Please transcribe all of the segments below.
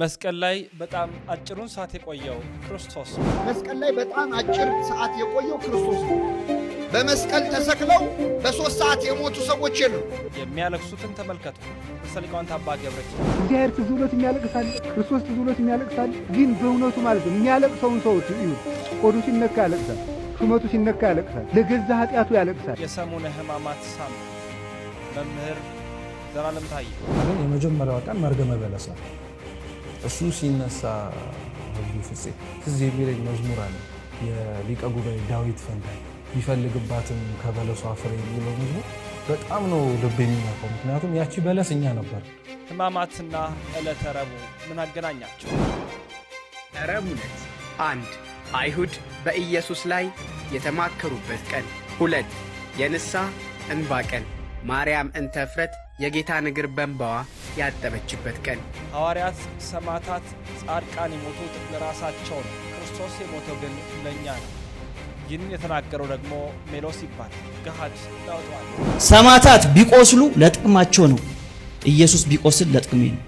መስቀል ላይ በጣም አጭሩን ሰዓት የቆየው ክርስቶስ መስቀል ላይ በጣም አጭር ሰዓት የቆየው ክርስቶስ በመስቀል ተሰቅለው በሶስት ሰዓት የሞቱ ሰዎች የሉ። የሚያለቅሱትን ተመልከቱ። ሰሊቃውንት አባ ገብረች እግዚአብሔር ትዝ የሚያለቅሳል፣ ክርስቶስ ትዝ የሚያለቅሳል። ግን በእውነቱ ማለት ነው የሚያለቅሰውን ሰዎች እዩ። ቆዱ ሲነካ ያለቅሳል፣ ሹመቱ ሲነካ ያለቅሳል፣ ለገዛ ኃጢአቱ ያለቅሳል። የሰሙነ ሕማማት ሳምንት መምህር ዘላለም ታየ ግን የመጀመሪያው ቀን መርገመ በለስ ነው። እሱ ሲነሳ ህዝቡ ፍፄ ትዝ የሚለኝ መዝሙር አለ የሊቀ ጉባኤ ዳዊት ፈንታ ቢፈልግባትም ከበለሷ ፍሬ የሚለው መዝሙር በጣም ነው ልብ የሚነካው። ምክንያቱም ያቺ በለስ እኛ ነበር። ህማማትና ዕለተ ረቡዕ ምን አገናኛቸው? ረቡዕነት አንድ አይሁድ በኢየሱስ ላይ የተማከሩበት ቀን፣ ሁለት የንሳ እንባ ቀን። ማርያም እንተፍረት የጌታን እግር በእንባዋ ያጠበችበት ቀን። ሐዋርያት፣ ሰማዕታት፣ ጻድቃን የሞቱት ለራሳቸው ነው። ክርስቶስ የሞተው ግን ለእኛ ነው። ይህንን የተናገረው ደግሞ ሜሎስ ይባላል። ገሃድ ያውጠዋል። ሰማዕታት ቢቆስሉ ለጥቅማቸው ነው። ኢየሱስ ቢቆስል ለጥቅሜ ነው።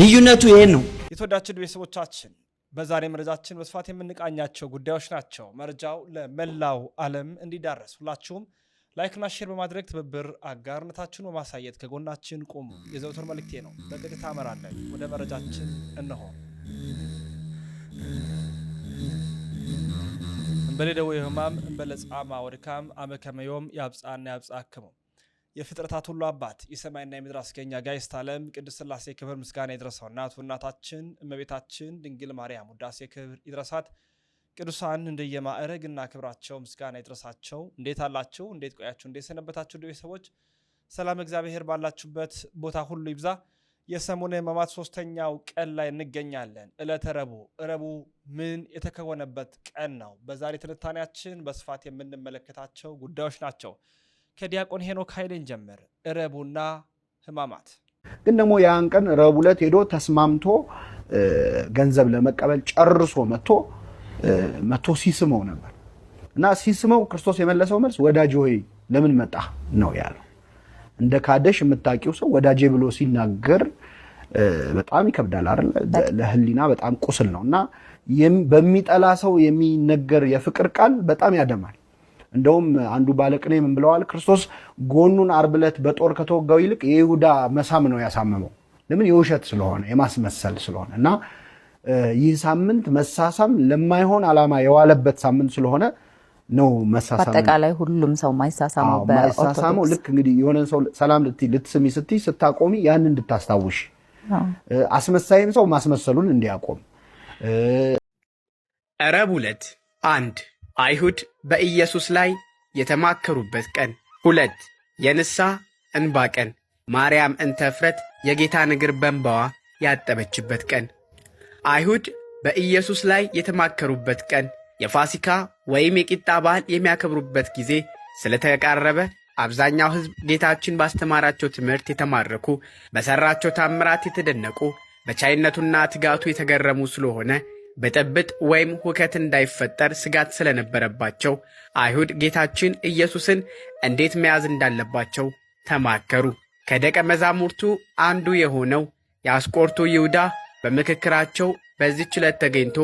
ልዩነቱ ይሄን ነው። የተወዳችን ቤተሰቦቻችን በዛሬ መረጃችን በስፋት የምንቃኛቸው ጉዳዮች ናቸው። መረጃው ለመላው ዓለም እንዲዳረስ ሁላችሁም ላይክና ሼር በማድረግ ትብብር አጋርነታችን በማሳየት ከጎናችን ቁሙ የዘውትር መልእክቴ ነው። በቀጥታ አመራለን ወደ መረጃችን እንሆ እንበሌ ደዌ ህማም እንበለ ጻማ ወድካም አመከመዮም ያብጻና ያብጻ የፍጥረታት ሁሉ አባት የሰማይና የምድር አስገኛ ጋይስት ዓለም ቅድስት ሥላሴ ክብር ምስጋና ይድረሰው። እናቱ እናታችን እመቤታችን ድንግል ማርያም ውዳሴ ክብር ይድረሳት። ቅዱሳን እንደየማዕረግ እና ክብራቸው ምስጋና ይድረሳቸው። እንዴት አላችሁ? እንዴት ቆያችሁ? እንዴት ሰነበታችሁ? እንደ ቤተሰቦች ሰላም እግዚአብሔር ባላችሁበት ቦታ ሁሉ ይብዛ። የሰሙነ ሕማማት ሶስተኛው ቀን ላይ እንገኛለን። ዕለተ ረቡዕ ረቡዕ ምን የተከወነበት ቀን ነው? በዛሬ ትንታኔያችን በስፋት የምንመለከታቸው ጉዳዮች ናቸው። ከዲያቆን ሄኖክ ኃይሌን ጀምር። ረቡዕና ሕማማት ግን ደግሞ ያን ቀን ረቡዕ ዕለት ሄዶ ተስማምቶ ገንዘብ ለመቀበል ጨርሶ መጥቶ መቶ ሲስመው ነበር እና ሲስመው ክርስቶስ የመለሰው መልስ ወዳጅ ሆይ ለምን መጣ ነው ያለው። እንደ ካደሽ የምታውቂው ሰው ወዳጄ ብሎ ሲናገር በጣም ይከብዳል አይደል? ለህሊና በጣም ቁስል ነው እና በሚጠላ ሰው የሚነገር የፍቅር ቃል በጣም ያደማል። እንደውም አንዱ ባለቅኔ ምን ብለዋል? ክርስቶስ ጎኑን አርብ ዕለት በጦር ከተወጋው ይልቅ የይሁዳ መሳም ነው ያሳመመው። ለምን? የውሸት ስለሆነ የማስመሰል ስለሆነ እና ይህ ሳምንት መሳሳም ለማይሆን ዓላማ የዋለበት ሳምንት ስለሆነ ነው። መሳሳም በአጠቃላይ ሁሉም ሰው ማይሳሳመው ልክ እንግዲህ የሆነ ሰው ሰላም ልትይ ልትስሚ ስትይ ስታቆሚ ያን እንድታስታውሽ አስመሳይም ሰው ማስመሰሉን እንዲያቆም። ረብ ሁለት አንድ አይሁድ በኢየሱስ ላይ የተማከሩበት ቀን። ሁለት የንሳ እንባ ቀን። ማርያም እንተ እፍረት የጌታን እግር በእንባዋ ያጠበችበት ቀን። አይሁድ በኢየሱስ ላይ የተማከሩበት ቀን የፋሲካ ወይም የቂጣ በዓል የሚያከብሩበት ጊዜ ስለተቃረበ አብዛኛው ሕዝብ ጌታችን ባስተማራቸው ትምህርት የተማረኩ፣ በሠራቸው ታምራት የተደነቁ፣ በቻይነቱና ትጋቱ የተገረሙ ስለሆነ ብጥብጥ ወይም ሁከት እንዳይፈጠር ስጋት ስለነበረባቸው አይሁድ ጌታችን ኢየሱስን እንዴት መያዝ እንዳለባቸው ተማከሩ። ከደቀ መዛሙርቱ አንዱ የሆነው የአስቆርቱ ይሁዳ በምክክራቸው በዚች ዕለት ተገኝቶ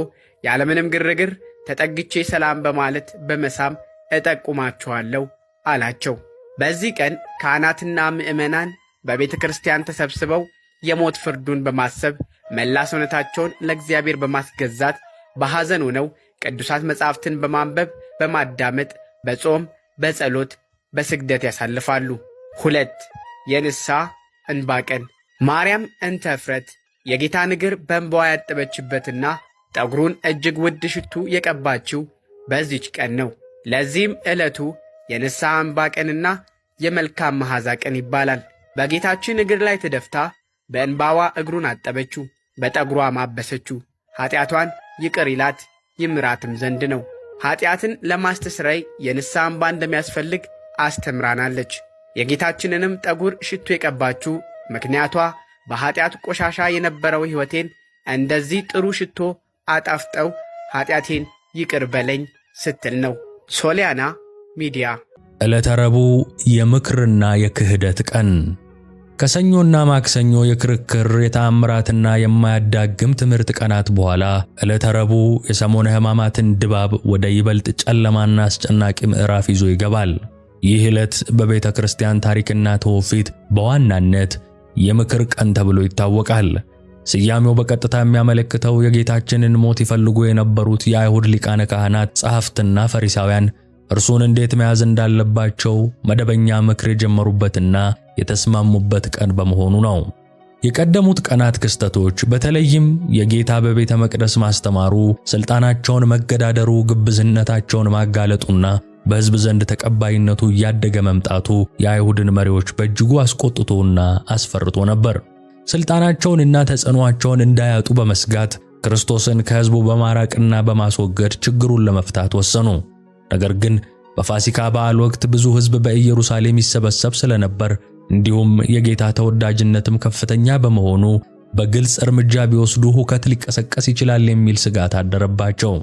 ያለምንም ግርግር ተጠግቼ ሰላም በማለት በመሳም እጠቁማችኋለሁ አላቸው። በዚህ ቀን ካህናትና ምዕመናን በቤተ ክርስቲያን ተሰብስበው የሞት ፍርዱን በማሰብ መላ ሰውነታቸውን ለእግዚአብሔር በማስገዛት በሐዘን ሆነው ቅዱሳት መጻሕፍትን በማንበብ በማዳመጥ፣ በጾም፣ በጸሎት፣ በስግደት ያሳልፋሉ። ሁለት የንስሐ እንባ ቀን ማርያም እንተ እፍረት የጌታን እግር በእንባዋ ያጠበችበትና ጠጉሩን እጅግ ውድ ሽቱ የቀባችው በዚች ቀን ነው። ለዚህም ዕለቱ የንስሐ እንባ ቀንና የመልካም መሐዛ ቀን ይባላል። በጌታችን እግር ላይ ተደፍታ በእንባዋ እግሩን አጠበችው፣ በጠጉሯ ማበሰችው። ኀጢአቷን ይቅር ይላት ይምራትም ዘንድ ነው። ኀጢአትን ለማስተስረይ የንስሐ እንባ እንደሚያስፈልግ አስተምራናለች። የጌታችንንም ጠጉር ሽቱ የቀባችው ምክንያቷ በኃጢአት ቆሻሻ የነበረው ሕይወቴን እንደዚህ ጥሩ ሽቶ አጣፍጠው ኃጢአቴን ይቅር በለኝ ስትል ነው። ሶሊያና ሚዲያ። ዕለተ ረቡዕ የምክርና የክህደት ቀን። ከሰኞና ማክሰኞ የክርክር የተአምራትና የማያዳግም ትምህርት ቀናት በኋላ ዕለተ ረቡዕ የሰሞነ ሕማማትን ድባብ ወደ ይበልጥ ጨለማና አስጨናቂ ምዕራፍ ይዞ ይገባል። ይህ ዕለት በቤተ ክርስቲያን ታሪክና ትውፊት በዋናነት የምክር ቀን ተብሎ ይታወቃል። ስያሜው በቀጥታ የሚያመለክተው የጌታችንን ሞት ይፈልጉ የነበሩት የአይሁድ ሊቃነ ካህናት፣ ጸሐፍትና ፈሪሳውያን እርሱን እንዴት መያዝ እንዳለባቸው መደበኛ ምክር የጀመሩበትና የተስማሙበት ቀን በመሆኑ ነው። የቀደሙት ቀናት ክስተቶች በተለይም የጌታ በቤተ መቅደስ ማስተማሩ፣ ሥልጣናቸውን መገዳደሩ፣ ግብዝነታቸውን ማጋለጡና በሕዝብ ዘንድ ተቀባይነቱ እያደገ መምጣቱ የአይሁድን መሪዎች በእጅጉ አስቆጥቶና አስፈርቶ ነበር። እና ተጽዕኖአቸውን እንዳያጡ በመስጋት ክርስቶስን ከሕዝቡ በማራቅና በማስወገድ ችግሩን ለመፍታት ወሰኑ። ነገር ግን በፋሲካ በዓል ወቅት ብዙ ሕዝብ በኢየሩሳሌም ይሰበሰብ ስለነበር እንዲሁም የጌታ ተወዳጅነትም ከፍተኛ በመሆኑ በግልጽ እርምጃ ቢወስዱ ሁከት ሊቀሰቀስ ይችላል የሚል ስጋት አደረባቸው።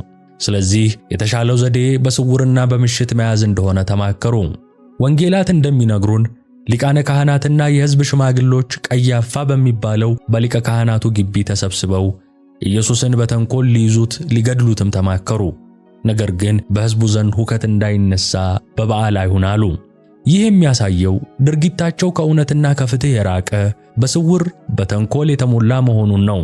ስለዚህ የተሻለው ዘዴ በስውርና በምሽት መያዝ እንደሆነ ተማከሩ። ወንጌላት እንደሚነግሩን ሊቃነ ካህናትና የሕዝብ ሽማግሎች ቀያፋ በሚባለው በሊቀ ካህናቱ ግቢ ተሰብስበው ኢየሱስን በተንኮል ሊይዙት ሊገድሉትም ተማከሩ። ነገር ግን በሕዝቡ ዘንድ ሁከት እንዳይነሳ በበዓል አይሁን አሉ። ይህ የሚያሳየው ድርጊታቸው ከእውነትና ከፍትሕ የራቀ በስውር በተንኮል የተሞላ መሆኑን ነው።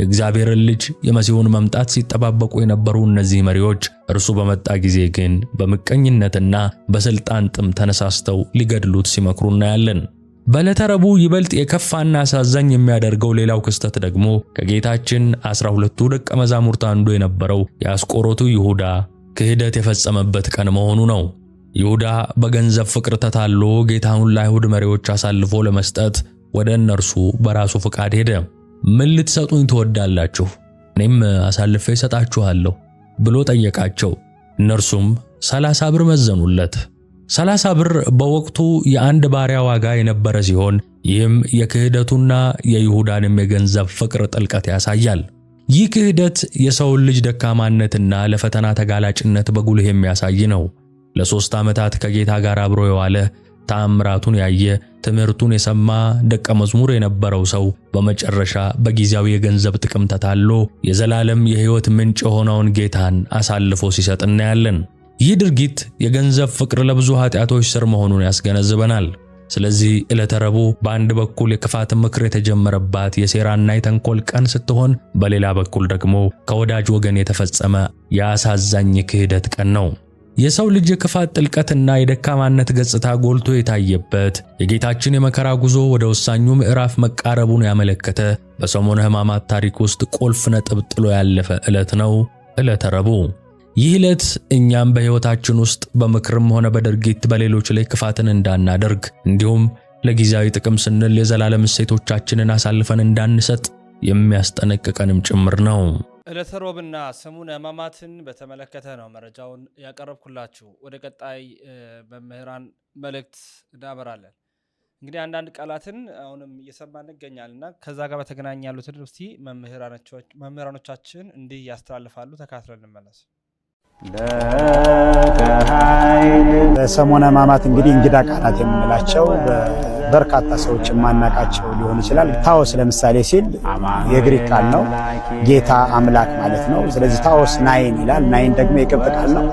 የእግዚአብሔርን ልጅ የመሲሁን መምጣት ሲጠባበቁ የነበሩ እነዚህ መሪዎች እርሱ በመጣ ጊዜ ግን በምቀኝነትና በስልጣን ጥም ተነሳስተው ሊገድሉት ሲመክሩ እናያለን። በዕለተ ረቡዕ ይበልጥ የከፋና አሳዛኝ የሚያደርገው ሌላው ክስተት ደግሞ ከጌታችን ዐሥራ ሁለቱ ደቀ መዛሙርት አንዱ የነበረው የአስቆሮቱ ይሁዳ ክህደት የፈጸመበት ቀን መሆኑ ነው። ይሁዳ በገንዘብ ፍቅር ተታሎ ጌታውን ለአይሁድ መሪዎች አሳልፎ ለመስጠት ወደ እነርሱ በራሱ ፍቃድ ሄደ። ምን ልትሰጡኝ ትወዳላችሁ? እኔም አሳልፌ እሰጣችኋለሁ ብሎ ጠየቃቸው። እነርሱም ሰላሳ ብር መዘኑለት። ሰላሳ ብር በወቅቱ የአንድ ባሪያ ዋጋ የነበረ ሲሆን ይህም የክህደቱና የይሁዳንም የገንዘብ ፍቅር ጥልቀት ያሳያል። ይህ ክህደት የሰውን ልጅ ደካማነትና ለፈተና ተጋላጭነት በጉልህ የሚያሳይ ነው። ለሦስት ዓመታት ከጌታ ጋር አብሮ የዋለ ታምራቱን ያየ ትምህርቱን የሰማ ደቀ መዝሙር የነበረው ሰው በመጨረሻ በጊዜያዊ የገንዘብ ጥቅም ተታሎ የዘላለም የሕይወት ምንጭ የሆነውን ጌታን አሳልፎ ሲሰጥ እናያለን። ይህ ድርጊት የገንዘብ ፍቅር ለብዙ ኃጢአቶች ስር መሆኑን ያስገነዝበናል። ስለዚህ ዕለተ ረቡዕ በአንድ በኩል የክፋት ምክር የተጀመረባት የሴራና የተንኮል ቀን ስትሆን፣ በሌላ በኩል ደግሞ ከወዳጅ ወገን የተፈጸመ የአሳዛኝ ክህደት ቀን ነው። የሰው ልጅ የክፋት ጥልቀትና የደካማነት ገጽታ ጎልቶ የታየበት የጌታችን የመከራ ጉዞ ወደ ወሳኙ ምዕራፍ መቃረቡን ያመለከተ በሰሞነ ሕማማት ታሪክ ውስጥ ቁልፍ ነጥብ ጥሎ ያለፈ ዕለት ነው፣ ዕለተ ረቡዕ። ይህ ዕለት እኛም በሕይወታችን ውስጥ በምክርም ሆነ በድርጊት በሌሎች ላይ ክፋትን እንዳናደርግ እንዲሁም ለጊዜያዊ ጥቅም ስንል የዘላለም እሴቶቻችንን አሳልፈን እንዳንሰጥ የሚያስጠነቅቀንም ጭምር ነው። ዕለተ ሮብና ሰሙነ ሕማማትን በተመለከተ ነው መረጃውን ያቀረብኩላችሁ። ወደ ቀጣይ መምህራን መልእክት እናበራለን። እንግዲህ አንዳንድ ቃላትን አሁንም እየሰማ እንገኛል እና ከዛ ጋር በተገናኘ ያሉትን እስቲ መምህራኖቻችን እንዲህ ያስተላልፋሉ። ተካትለን እንመለስ። በሰሙነ ሕማማት እንግዲህ እንግዳ ቃላት የምንላቸው በርካታ ሰዎች የማናቃቸው ሊሆን ይችላል። ታዎስ ለምሳሌ ሲል የግሪክ ቃል ነው፣ ጌታ አምላክ ማለት ነው። ስለዚህ ታዎስ ናይን ይላል። ናይን ደግሞ የቅብጥ ቃል ነው።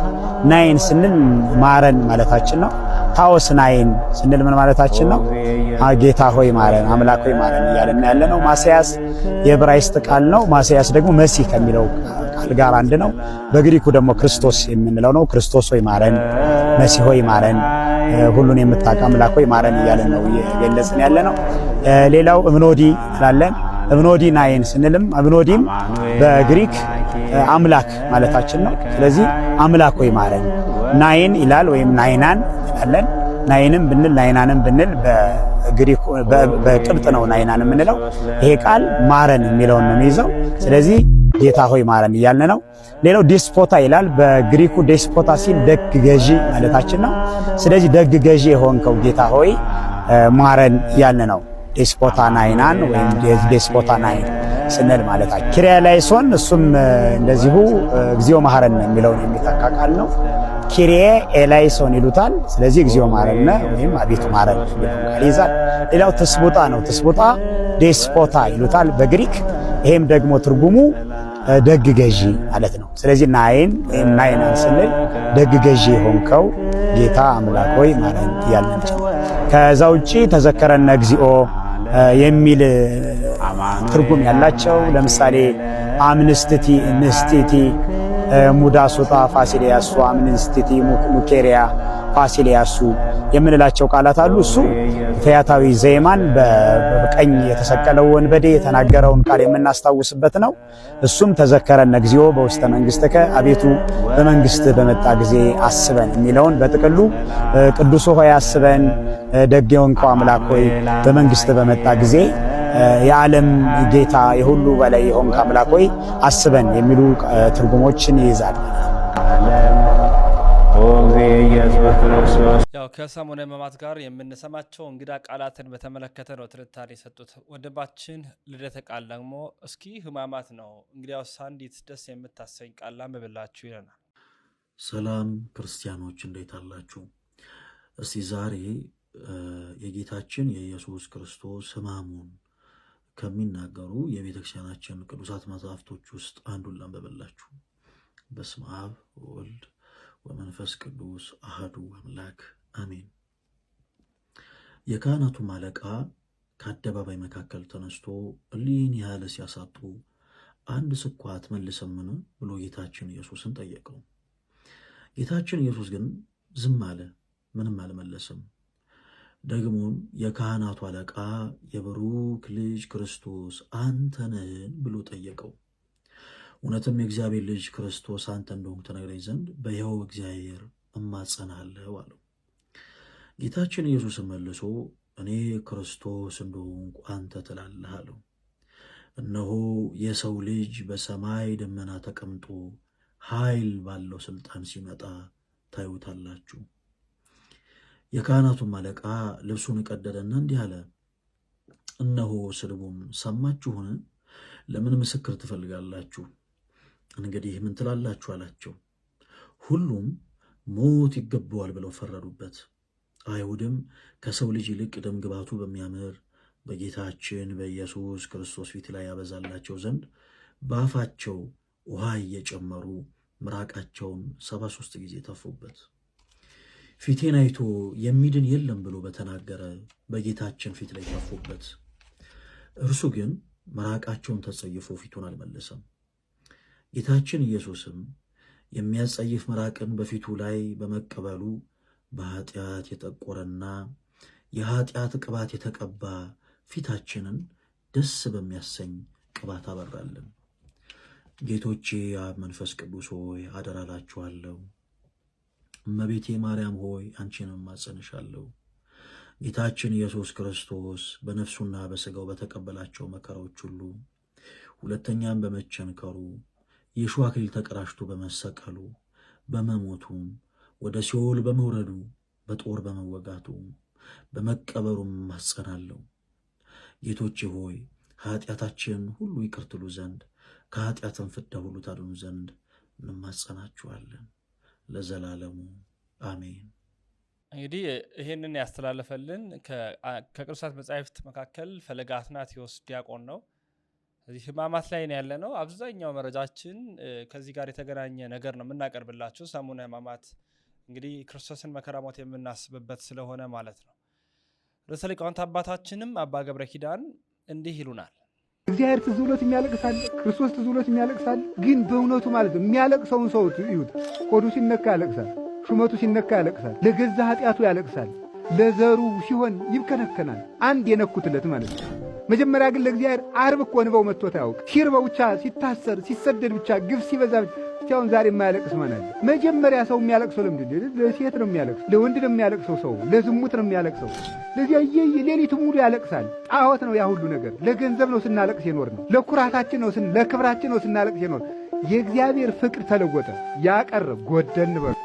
ናይን ስንል ማረን ማለታችን ነው። ታዎስ ናይን ስንል ምን ማለታችን ነው? ጌታ ሆይ ማረን፣ አምላክ ሆይ ማረን እያለን ያለ ነው። ማስያስ የዕብራይስጥ ቃል ነው። ማስያስ ደግሞ መሲህ ከሚለው ቃል ጋር አንድ ነው። በግሪኩ ደግሞ ክርስቶስ የምንለው ነው። ክርስቶስ ሆይ ማረን፣ መሲህ ሆይ ማረን ሁሉን የምታውቅ አምላክ ሆይ ማረን እያለን ነው እየገለጽን ያለ ነው። ሌላው እብኖዲ እንላለን። እብኖዲ ናይን ስንልም እብኖዲም በግሪክ አምላክ ማለታችን ነው። ስለዚህ አምላክ ሆይ ማረን ናይን ይላል ወይም ናይናን ይላለን። ናይንም ብንል ናይናንም ብንል በግሪክ በጥብጥ ነው ናይናን የምንለው። ይሄ ቃል ማረን የሚለውን ነው የሚይዘው። ስለዚህ ጌታ ሆይ ማረን እያልን ነው። ሌላው ዲስፖታ ይላል። በግሪኩ ዲስፖታ ሲል ደግ ገዢ ማለታችን ነው። ስለዚህ ደግ ገዢ የሆንከው ጌታ ሆይ ማረን እያልን ነው። ዲስፖታ ናይናን ወይም ዴስፖታ ናይን ስንል ማለታችን። ኪሪያላይሶን እሱም እንደዚሁ እግዚኦ ማረን የሚለውን የሚተካ ቃል ነው። ኪሪዬ ኤላይሶን ይሉታል። ስለዚህ እግዚኦ ማረነ ወይም አቤቱ ማረን ቃል ይዛል። ሌላው ትስቡጣ ነው። ትስቡጣ ዴስፖታ ይሉታል በግሪክ። ይሄም ደግሞ ትርጉሙ ደግ ገዢ ማለት ነው። ስለዚህ ናይን ወይም ናይናን ስንል ደግ ገዢ የሆንከው ጌታ አምላክ ሆይ ማረን ነው። ከዛ ውጭ ተዘከረነ እግዚኦ የሚል ትርጉም ያላቸው ለምሳሌ አምንስትቲ ንስቲቲ ሙዳሱጣ ፋሲሌያሱ አምንስቲቲ ሙኬሪያ ፋሲሊያሱ የምንላቸው ቃላት አሉ። እሱ ፈያታዊ ዘይማን በቀኝ የተሰቀለው ወንበዴ የተናገረውን ቃል የምናስታውስበት ነው። እሱም ተዘከረነ እግዚኦ በውስተ መንግሥትከ፣ አቤቱ በመንግስት በመጣ ጊዜ አስበን የሚለውን በጥቅሉ ቅዱስ ሆይ አስበን፣ ደግ የሆንክ አምላክ ሆይ በመንግስት በመጣ ጊዜ የዓለም ጌታ የሁሉ በላይ የሆንክ አምላክ ሆይ አስበን የሚሉ ትርጉሞችን ይይዛል። ያው ከሰሙነ ሕማማት ጋር የምንሰማቸው እንግዳ ቃላትን በተመለከተ ነው ትንታኔ የሰጡት ወንድማችን ልደተ ቃል ደግሞ እስኪ ሕማማት ነው እንግዲያውስ አንዲት ደስ የምታሰኝ ቃል ላንብብላችሁ ይለናል። ሰላም ክርስቲያኖች እንዴት አላችሁ? እስቲ ዛሬ የጌታችን የኢየሱስ ክርስቶስ ሕማሙን ከሚናገሩ የቤተክርስቲያናችን ቅዱሳት መጽሐፍቶች ውስጥ አንዱን ላንብብላችሁ። በስመ አብ ወልድ ወመንፈስ ቅዱስ አህዱ አምላክ አሜን። የካህናቱም አለቃ ከአደባባይ መካከል ተነስቶ እሊህን ያህል ሲያሳጡ አንድ ስኳት አትመልስምን ብሎ ጌታችን ኢየሱስን ጠየቀው። ጌታችን ኢየሱስ ግን ዝም አለ፣ ምንም አልመለስም። ደግሞም የካህናቱ አለቃ የብሩክ ልጅ ክርስቶስ አንተ ነህን ብሎ ጠየቀው። እውነትም የእግዚአብሔር ልጅ ክርስቶስ አንተ እንደሆንክ ተነግረኝ ዘንድ በሕያው እግዚአብሔር እማጸናለሁ አለው። ጌታችን ኢየሱስ መልሶ እኔ ክርስቶስ እንደሆንኩ አንተ ትላለህ አለው። እነሆ የሰው ልጅ በሰማይ ደመና ተቀምጦ ኃይል ባለው ስልጣን ሲመጣ ታዩታላችሁ። የካህናቱም አለቃ ልብሱን ቀደደና እንዲህ አለ፣ እነሆ ስድቡን ሰማችሁን? ለምን ምስክር ትፈልጋላችሁ? እንግዲህ ምን ትላላችሁ አላቸው። ሁሉም ሞት ይገባዋል ብለው ፈረዱበት። አይሁድም ከሰው ልጅ ይልቅ ደም ግባቱ በሚያምር በጌታችን በኢየሱስ ክርስቶስ ፊት ላይ ያበዛላቸው ዘንድ በአፋቸው ውሃ እየጨመሩ ምራቃቸውን ሰባ ሦስት ጊዜ ተፉበት። ፊቴን አይቶ የሚድን የለም ብሎ በተናገረ በጌታችን ፊት ላይ ተፉበት። እርሱ ግን ምራቃቸውን ተጸይፎ ፊቱን አልመለሰም። ጌታችን ኢየሱስም የሚያጸይፍ ምራቅን በፊቱ ላይ በመቀበሉ በኃጢአት የጠቆረና የኃጢአት ቅባት የተቀባ ፊታችንን ደስ በሚያሰኝ ቅባት አበራልን። ጌቶቼ አብ መንፈስ ቅዱስ ሆይ አደራላችኋለሁ። እመቤቴ ማርያም ሆይ አንቺንም ማጸንሻለሁ። ጌታችን ኢየሱስ ክርስቶስ በነፍሱና በሥጋው በተቀበላቸው መከራዎች ሁሉ ሁለተኛም በመቸንከሩ የእሾህ አክሊል ተቀዳጅቶ በመሰቀሉ በመሞቱም ወደ ሲኦል በመውረዱ በጦር በመወጋቱ በመቀበሩም ማጸናለሁ። ጌቶቼ ሆይ ከኃጢአታችን ሁሉ ይቅርትሉ ዘንድ ከኃጢአትን ፍዳ ሁሉ ታድኑ ዘንድ እንማጸናችኋለን ለዘላለሙ አሜን። እንግዲህ ይህንን ያስተላለፈልን ከቅዱሳት መጻሕፍት መካከል ፈለገ አትናቴዎስ ዲያቆን ነው። እዚህ ህማማት ላይ ነው ያለነው። አብዛኛው መረጃችን ከዚህ ጋር የተገናኘ ነገር ነው የምናቀርብላችሁ። ሰሙነ ህማማት እንግዲህ ክርስቶስን መከራ፣ ሞት የምናስብበት ስለሆነ ማለት ነው። ርዕሰ ሊቃውንት አባታችንም አባ ገብረ ኪዳን እንዲህ ይሉናል። እግዚአብሔር ትዝ ብሎት የሚያለቅሳል፣ ክርስቶስ ትዝ ብሎት የሚያለቅሳል። ግን በእውነቱ ማለት ነው የሚያለቅሰውን ሰው እዩት። ሆዱ ሲነካ ያለቅሳል፣ ሹመቱ ሲነካ ያለቅሳል፣ ለገዛ ኃጢአቱ ያለቅሳል። ለዘሩ ሲሆን ይብከነከናል። አንድ የነኩትለት ማለት ነው መጀመሪያ ግን ለእግዚአብሔር አርብ እኮ ንበው መጥቶት አያውቅ። ሲርበው ብቻ ሲታሰር ሲሰደድ ብቻ ግፍ ሲበዛ ብቻውን ዛሬ የማያለቅስ ማናለ? መጀመሪያ ሰው የሚያለቅሰው ለምንድን ነው? ለሴት ነው የሚያለቅሰው፣ ለወንድ ነው የሚያለቅሰው፣ ሰው ለዝሙት ነው የሚያለቅሰው። ለዚያ እየየ ሌሊቱ ሙሉ ያለቅሳል። ጣዖት ነው ያ ሁሉ ነገር። ለገንዘብ ነው ስናለቅስ የኖር ነው። ለኩራታችን ነው፣ ለክብራችን ነው ስናለቅስ የኖር የእግዚአብሔር ፍቅር ተለወጠ። ያቀረ ጎደን በሉ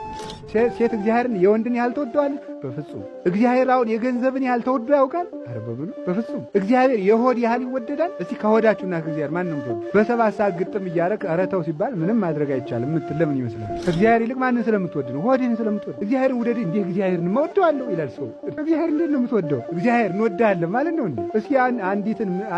ሴት እግዚአብሔርን የወንድን ያህል ተወደዋል? በፍጹም እግዚአብሔር አሁን የገንዘብን ያህል ተወዶ ያውቃል? ኧረ በምኑ በፍጹም እግዚአብሔር የሆድ ያህል ይወደዳል? እስቲ ከሆዳችሁና ከእግዚአብሔር ማንም ተወዱ። በሰባት ሰዓት ግጥም እያረግ ረተው ሲባል ምንም ማድረግ አይቻልም የምትል ለምን ይመስላል? እግዚአብሔር ይልቅ ማንን ስለምትወድ ነው? ሆድህን ስለምትወድ እግዚአብሔር ውደድ። እንዴ እግዚአብሔርን እወደዋለሁ ይላል ሰው። እግዚአብሔር እንዴት ነው የምትወደው? እግዚአብሔር እንወድሃለን ማለት ነው እንዴ? እስኪ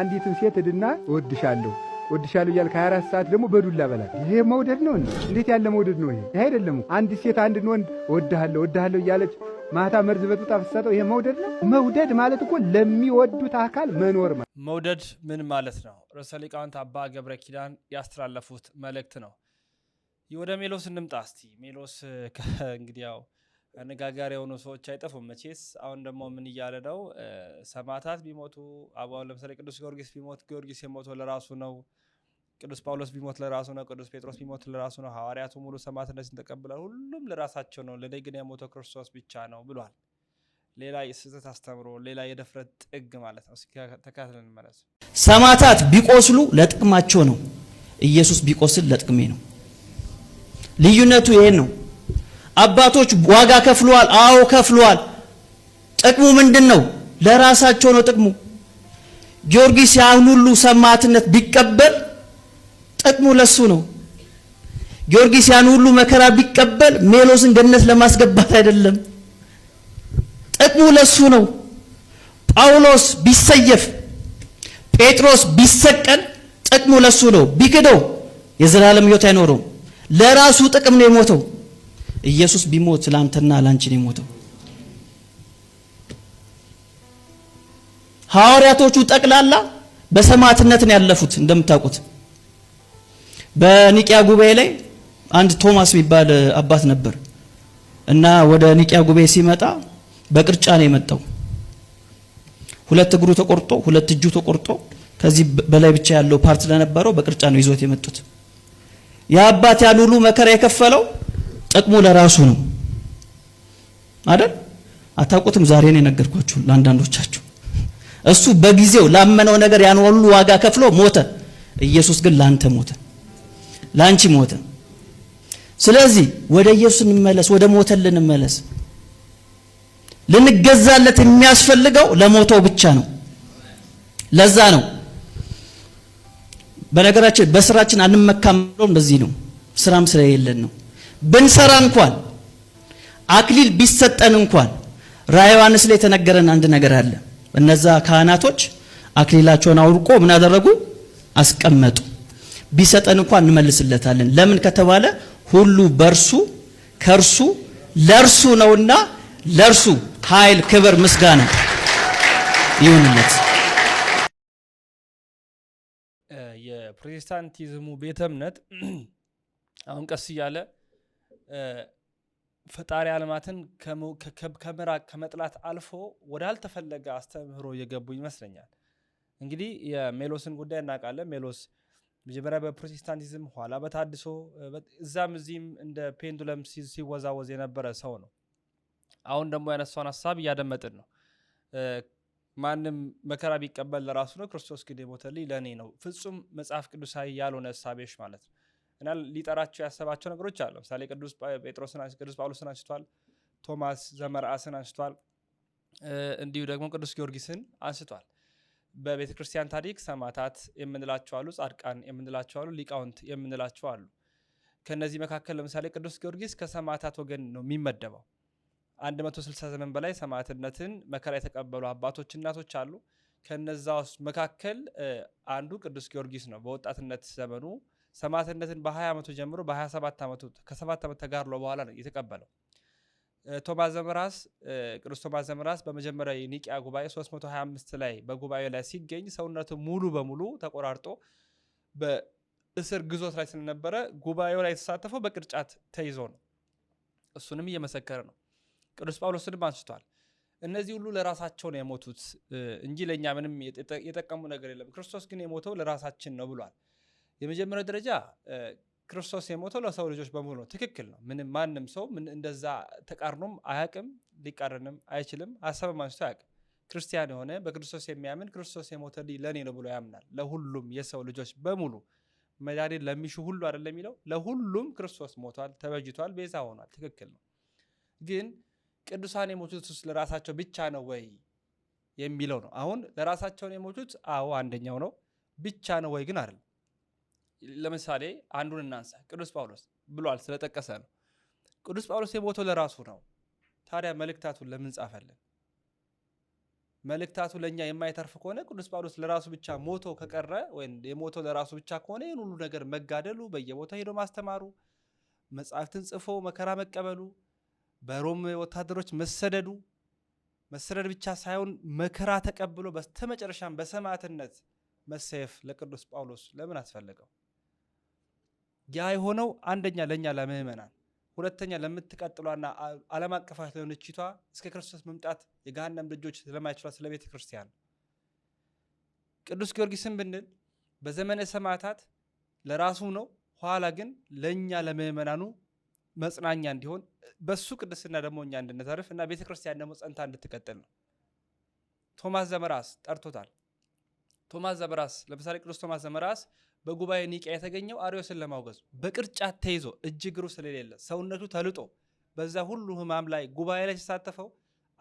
አንዲትን ሴት እድና እወድሻለሁ ወድሻለሁ እያል ከ24 ሰዓት ደግሞ በዱላ በላት። ይሄ መውደድ ነው? እንዴት ያለ መውደድ ነው ይሄ? ይሄ አይደለም። አንድ ሴት አንድን ወንድ ወድሃለሁ ወድሃለሁ እያለች ማታ መርዝ በጡጣ ፍሰጠው። ይሄ መውደድ ነው? መውደድ ማለት እኮ ለሚወዱት አካል መኖር ማለት መውደድ ምን ማለት ነው? ርዕሰ ሊቃውንት አባ ገብረ ኪዳን ያስተላለፉት መልእክት ነው። ወደ ሜሎስ እንምጣ እስቲ። ሜሎስ እንግዲህ ያው አነጋጋሪ የሆኑ ሰዎች አይጠፉም መቼስ። አሁን ደግሞ ምን እያለ ነው? ሰማዕታት ቢሞቱ አሁን ለምሳሌ ቅዱስ ጊዮርጊስ ቢሞት ጊዮርጊስ የሞተው ለራሱ ነው። ቅዱስ ጳውሎስ ቢሞት ለራሱ ነው። ቅዱስ ጴጥሮስ ቢሞት ለራሱ ነው። ሐዋርያቱ ሙሉ ሰማዕትነትን ተቀብለዋል። ሁሉም ለራሳቸው ነው። ለእኔ ግን የሞተው ክርስቶስ ብቻ ነው ብሏል። ሌላ የስህተት አስተምሮ፣ ሌላ የደፍረት ጥግ ማለት ነው። ተካትለን መለስ። ሰማዕታት ቢቆስሉ ለጥቅማቸው ነው። ኢየሱስ ቢቆስል ለጥቅሜ ነው። ልዩነቱ ይሄን ነው። አባቶች ዋጋ ከፍለዋል። አዎ ከፍለዋል። ጥቅሙ ምንድን ነው? ለራሳቸው ነው ጥቅሙ። ጊዮርጊስ ያን ሁሉ ሰማዕትነት ቢቀበል ጥቅሙ ለሱ ነው። ጊዮርጊስ ያን ሁሉ መከራ ቢቀበል ሜሎስን ገነት ለማስገባት አይደለም፣ ጥቅሙ ለሱ ነው። ጳውሎስ ቢሰየፍ፣ ጴጥሮስ ቢሰቀል ጥቅሙ ለሱ ነው። ቢክደው የዘላለም ሕይወት አይኖረውም። ለራሱ ጥቅም ነው የሞተው። ኢየሱስ ቢሞት ለአንተና ላንቺ ነው የሞተው። ሐዋርያቶቹ ጠቅላላ በሰማዕትነት ነው ያለፉት። እንደምታውቁት በኒቂያ ጉባኤ ላይ አንድ ቶማስ የሚባል አባት ነበር እና ወደ ኒቂያ ጉባኤ ሲመጣ በቅርጫ ነው የመጣው። ሁለት እግሩ ተቆርጦ፣ ሁለት እጁ ተቆርጦ ከዚህ በላይ ብቻ ያለው ፓርት ለነበረው በቅርጫ ነው ይዞት የመጡት። ያ አባት ያን ሁሉ መከራ የከፈለው ጥቅሙ ለራሱ ነው አይደል? አታውቁትም። ዛሬ ነው የነገርኳችሁ ለአንዳንዶቻችሁ። እሱ በጊዜው ላመነው ነገር ያን ሁሉ ዋጋ ከፍሎ ሞተ። ኢየሱስ ግን ላንተ ሞተ፣ ላንቺ ሞተ። ስለዚህ ወደ ኢየሱስ እንመለስ፣ ወደ ሞተ እንመለስ። ልንገዛለት የሚያስፈልገው ለሞተው ብቻ ነው። ለዛ ነው በነገራችን በስራችን አንመካም ብሎ እንደዚህ ነው። ስራም ስለሌለን ነው። ብንሰራ እንኳን አክሊል ቢሰጠን እንኳን ራዕየ ዮሐንስ ላይ የተነገረን አንድ ነገር አለ። እነዛ ካህናቶች አክሊላቸውን አውርቆ ምን አደረጉ? አስቀመጡ። ቢሰጠን እንኳን እንመልስለታለን። ለምን ከተባለ ሁሉ በእርሱ ከእርሱ ለእርሱ ነውና ለእርሱ ኃይል፣ ክብር፣ ምስጋና ይሁንለት። የፕሮቴስታንቲዝሙ ቤተ እምነት አሁን ቀስ እያለ ፈጣሪ አለማትን ከምራቅ ከመጥላት አልፎ ወዳልተፈለገ አስተምህሮ እየገቡ ይመስለኛል። እንግዲህ የሜሎስን ጉዳይ እናውቃለን። ሜሎስ መጀመሪያ በፕሮቴስታንቲዝም ኋላ በታድሶ እዛም እዚህም እንደ ፔንዱለም ሲወዛወዝ የነበረ ሰው ነው። አሁን ደግሞ ያነሳውን ሀሳብ እያደመጥን ነው። ማንም መከራ ቢቀበል ለራሱ ነው፣ ክርስቶስ ግን የሞተልኝ ለእኔ ነው። ፍጹም መጽሐፍ ቅዱሳዊ ያልሆነ እሳቤዎች ማለት ነው። እና ሊጠራቸው ያሰባቸው ነገሮች አሉ። ለምሳሌ ቅዱስ ጴጥሮስን፣ ቅዱስ ጳውሎስን አንስቷል። ቶማስ ዘመርአስን አንስቷል። እንዲሁ ደግሞ ቅዱስ ጊዮርጊስን አንስቷል። በቤተ ክርስቲያን ታሪክ ሰማዕታት የምንላቸው አሉ፣ ጻድቃን የምንላቸው አሉ፣ ሊቃውንት የምንላቸው አሉ። ከእነዚህ መካከል ለምሳሌ ቅዱስ ጊዮርጊስ ከሰማዕታት ወገን ነው የሚመደበው። 160 ዘመን በላይ ሰማዕትነትን መከራ የተቀበሉ አባቶች፣ እናቶች አሉ። ከነዛ ውስጥ መካከል አንዱ ቅዱስ ጊዮርጊስ ነው። በወጣትነት ዘመኑ ሰማዕትነትን በ20 ዓመቱ ጀምሮ በ27 ዓመቱ ከሰባት ዓመት ተጋድሎ በኋላ ነው የተቀበለው። ቶማስ ዘምራስ ቅዱስ ቶማስ ዘምራስ በመጀመሪያ የኒቅያ ጉባኤ 325 ላይ በጉባኤ ላይ ሲገኝ ሰውነቱ ሙሉ በሙሉ ተቆራርጦ በእስር ግዞት ላይ ስለነበረ ጉባኤው ላይ የተሳተፈው በቅርጫት ተይዞ ነው። እሱንም እየመሰከረ ነው። ቅዱስ ጳውሎስንም አንስቷል። እነዚህ ሁሉ ለራሳቸው ነው የሞቱት እንጂ ለእኛ ምንም የጠቀሙ ነገር የለም፣ ክርስቶስ ግን የሞተው ለራሳችን ነው ብሏል። የመጀመሪያው ደረጃ ክርስቶስ የሞተው ለሰው ልጆች በሙሉ ነው። ትክክል ነው። ምንም ማንም ሰው እንደዛ ተቃርኖም አያቅም፣ ሊቃረንም አይችልም፣ ሀሳብ ማንስቶ አያቅም። ክርስቲያን የሆነ በክርስቶስ የሚያምን ክርስቶስ የሞተ ለእኔ ነው ብሎ ያምናል። ለሁሉም የሰው ልጆች በሙሉ መዳኔ ለሚሹ ሁሉ አይደለም የሚለው ለሁሉም ክርስቶስ ሞቷል፣ ተበጅቷል፣ ቤዛ ሆኗል። ትክክል ነው። ግን ቅዱሳን የሞቱት ውስጥ ለራሳቸው ብቻ ነው ወይ የሚለው ነው። አሁን ለራሳቸውን የሞቱት አዎ አንደኛው ነው ብቻ ነው ወይ ግን አይደለም ለምሳሌ አንዱን እናንሳ። ቅዱስ ጳውሎስ ብሏል ስለጠቀሰ ነው። ቅዱስ ጳውሎስ የሞተው ለራሱ ነው። ታዲያ መልእክታቱን ለምን ጻፈልን? መልእክታቱ ለእኛ የማይተርፍ ከሆነ ቅዱስ ጳውሎስ ለራሱ ብቻ ሞቶ ከቀረ ወይም የሞቶ ለራሱ ብቻ ከሆነ ይህን ሁሉ ነገር መጋደሉ፣ በየቦታው ሄዶ ማስተማሩ፣ መጽሐፍትን ጽፎ መከራ መቀበሉ፣ በሮም ወታደሮች መሰደዱ፣ መሰደድ ብቻ ሳይሆን መከራ ተቀብሎ በስተመጨረሻም በሰማዕትነት መሰየፍ ለቅዱስ ጳውሎስ ለምን አስፈለገው? ያ የሆነው አንደኛ ለእኛ ለምዕመናን፣ ሁለተኛ ለምትቀጥሏና ዓለም አቀፋት ለሆነችቷ እስከ ክርስቶስ መምጣት የገሃነም ደጆች ስለማይችሏት ስለ ቤተ ክርስቲያን ቅዱስ ጊዮርጊስን ብንል በዘመነ ሰማዕታት ለራሱ ነው። ኋላ ግን ለእኛ ለምዕመናኑ መጽናኛ እንዲሆን በሱ ቅድስና ደግሞ እኛ እንድንተርፍ እና ቤተ ክርስቲያን ደግሞ ጸንታ እንድትቀጥል ነው። ቶማስ ዘመራስ ጠርቶታል። ቶማስ ዘመራስ ለምሳሌ ቅዱስ ቶማስ ዘመራስ በጉባኤ ኒቂያ የተገኘው አርዮስን ለማውገዝ በቅርጫት ተይዞ እጅ እግሩ ስለሌለ ሰውነቱ ተልጦ በዛ ሁሉ ህማም ላይ ጉባኤ ላይ ሲሳተፈው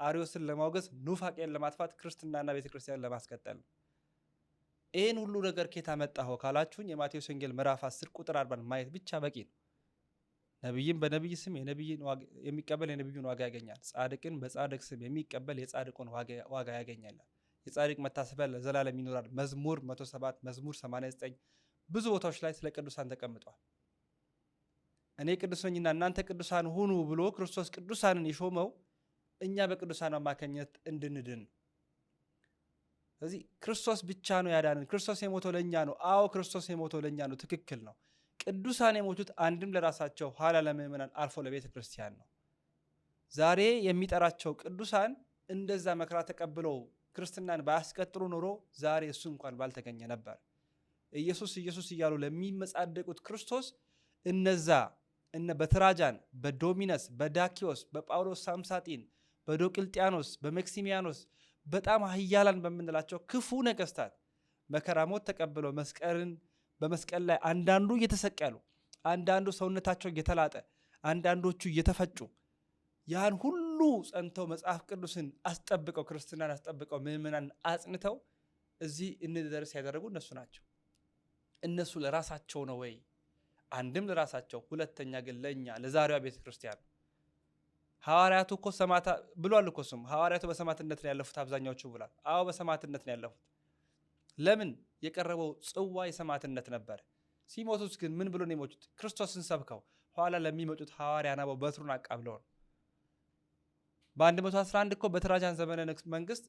አርዮስን ለማውገዝ ኑፋቄን ለማጥፋት ክርስትናና ቤተክርስቲያን ለማስቀጠል ነው። ይህን ሁሉ ነገር ኬታ መጣኸው ካላችሁኝ የማቴዎስ ወንጌል ምዕራፍ 10 ቁጥር 40 ማየት ብቻ በቂ ነው። ነቢይም በነቢይ ስም የሚቀበል የነቢዩን ዋጋ ያገኛል፣ ጻድቅን በጻድቅ ስም የሚቀበል የጻድቁን ዋጋ ያገኛል። የጻድቅ መታሰቢያ ለዘላለም ይኖራል። መዝሙር 107 መዝሙር 89 ብዙ ቦታዎች ላይ ስለ ቅዱሳን ተቀምጧል። እኔ ቅዱሶኝና እናንተ ቅዱሳን ሁኑ ብሎ ክርስቶስ ቅዱሳንን የሾመው እኛ በቅዱሳን አማካኝነት እንድንድን ነው። ስለዚህ ክርስቶስ ብቻ ነው ያዳንን። ክርስቶስ የሞተው ለእኛ ነው። አዎ ክርስቶስ የሞተው ለእኛ ነው። ትክክል ነው። ቅዱሳን የሞቱት አንድም ለራሳቸው ኋላ ለምእመናን አልፎ ለቤተ ክርስቲያን ነው። ዛሬ የሚጠራቸው ቅዱሳን እንደዛ መከራ ተቀብለው ክርስትናን ባያስቀጥሉ ኖሮ ዛሬ እሱ እንኳን ባልተገኘ ነበር። ኢየሱስ ኢየሱስ እያሉ ለሚመጻደቁት ክርስቶስ እነዛ እነ በትራጃን፣ በዶሚነስ፣ በዳኪዎስ፣ በጳውሎስ ሳምሳጢን፣ በዶቅልጥያኖስ፣ በመክሲሚያኖስ በጣም አህያላን በምንላቸው ክፉ ነገስታት መከራ ሞት ተቀብለው መስቀልን በመስቀል ላይ አንዳንዱ እየተሰቀሉ አንዳንዱ ሰውነታቸው እየተላጠ አንዳንዶቹ እየተፈጩ ያን ሁሉ ጸንተው መጽሐፍ ቅዱስን አስጠብቀው ክርስትናን አስጠብቀው ምዕመናን አጽንተው እዚህ እንደደረስ ያደረጉ እነሱ ናቸው። እነሱ ለራሳቸው ነው ወይ? አንድም ለራሳቸው፣ ሁለተኛ ግን ለእኛ ለዛሬዋ ቤተ ክርስቲያን ሐዋርያቱ እኮ ሰማታ ብሏል እኮ እሱም ሐዋርያቱ በሰማትነት ነው ያለፉት አብዛኛዎቹ ብሏል። አዎ በሰማትነት ነው ያለፉት። ለምን የቀረበው ጽዋ የሰማትነት ነበር። ሲሞቱት ግን ምን ብሎ ነው የሞቱት? ክርስቶስን ሰብከው ኋላ ለሚመጡት ሐዋርያ ናበው በትሩን አቃብለው ነው። በ111 እኮ በትራጃን ዘመነ መንግስት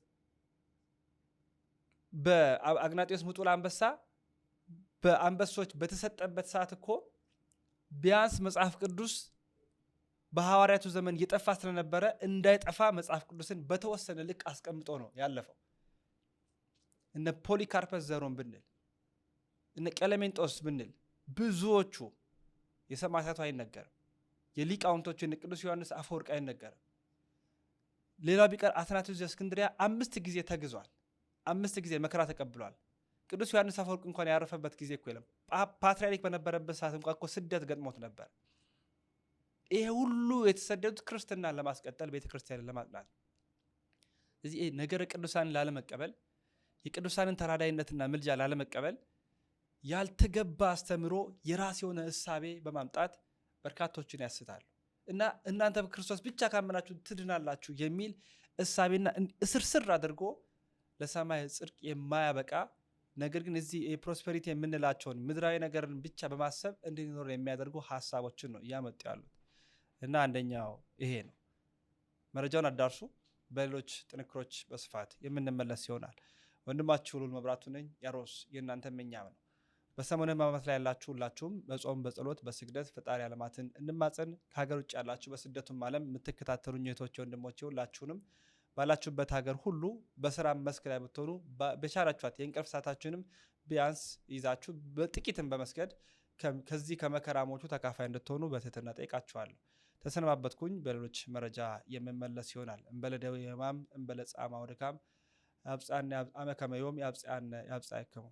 በአግናጢዎስ ሙጡል አንበሳ በአንበሶች በተሰጠበት ሰዓት እኮ ቢያንስ መጽሐፍ ቅዱስ በሐዋርያቱ ዘመን የጠፋ ስለነበረ እንዳይጠፋ መጽሐፍ ቅዱስን በተወሰነ ልክ አስቀምጦ ነው ያለፈው። እነ ፖሊካርፐስ ዘሮን ብንል እነ ቀለሜንጦስ ብንል ብዙዎቹ የሰማዕታቱ አይነገርም። የሊቃውንቶቹ እነ ቅዱስ ዮሐንስ አፈወርቅ አይነገርም። ሌላው ቢቀር አትናቴዎስ ዘእስክንድርያ አምስት ጊዜ ተግዟል። አምስት ጊዜ መከራ ተቀብሏል። ቅዱስ ዮሐንስ አፈወርቅ እንኳን ያረፈበት ጊዜ እኮ የለም። ፓትርያርክ በነበረበት ሰዓት እንኳ እኮ ስደት ገጥሞት ነበር። ይሄ ሁሉ የተሰደዱት ክርስትናን ለማስቀጠል ቤተክርስቲያንን ክርስቲያንን ለማጽናት እዚህ ነገረ ቅዱሳንን ላለመቀበል የቅዱሳንን ተራዳይነትና ምልጃ ላለመቀበል ያልተገባ አስተምሮ የራስ የሆነ እሳቤ በማምጣት በርካቶችን ያስታሉ እና እናንተ ክርስቶስ ብቻ ካመናችሁ ትድናላችሁ የሚል እሳቤና እስርስር አድርጎ ለሰማይ ጽድቅ የማያበቃ ነገር ግን እዚህ የፕሮስፐሪቲ የምንላቸውን ምድራዊ ነገርን ብቻ በማሰብ እንዲኖር የሚያደርጉ ሀሳቦችን ነው እያመጡ ያሉት እና አንደኛው ይሄ ነው። መረጃውን አዳርሱ። በሌሎች ጥንክሮች በስፋት የምንመለስ ይሆናል። ወንድማችሁ ሉል መብራቱ ነኝ። ያሮስ የእናንተ መኛም ነው። በሰሞነ ሕማማት ላይ ያላችሁ ሁላችሁም በጾም በጸሎት በስግደት ፈጣሪ ዓለማትን እንማፀን ከሀገር ውጭ ያላችሁ በስደቱም ዓለም የምትከታተሉ ኘቶች ወንድሞቼ ሁላችሁንም ባላችሁበት ሀገር ሁሉ በስራ መስክ ላይ ብትሆኑ በቻላችኋት የእንቅልፍ ሰዓታችሁንም ቢያንስ ይዛችሁ በጥቂትም በመስገድ ከዚህ ከመከራሞቹ ተካፋይ እንድትሆኑ በትህትና ጠይቃችኋለሁ። ተሰነባበትኩኝ። በሌሎች መረጃ የምመለስ ይሆናል። እንበለ ደዌ ሕማም እንበለ ጻማ ወድካም አብፃነ አመከመዮም ያብፃ ያክሙ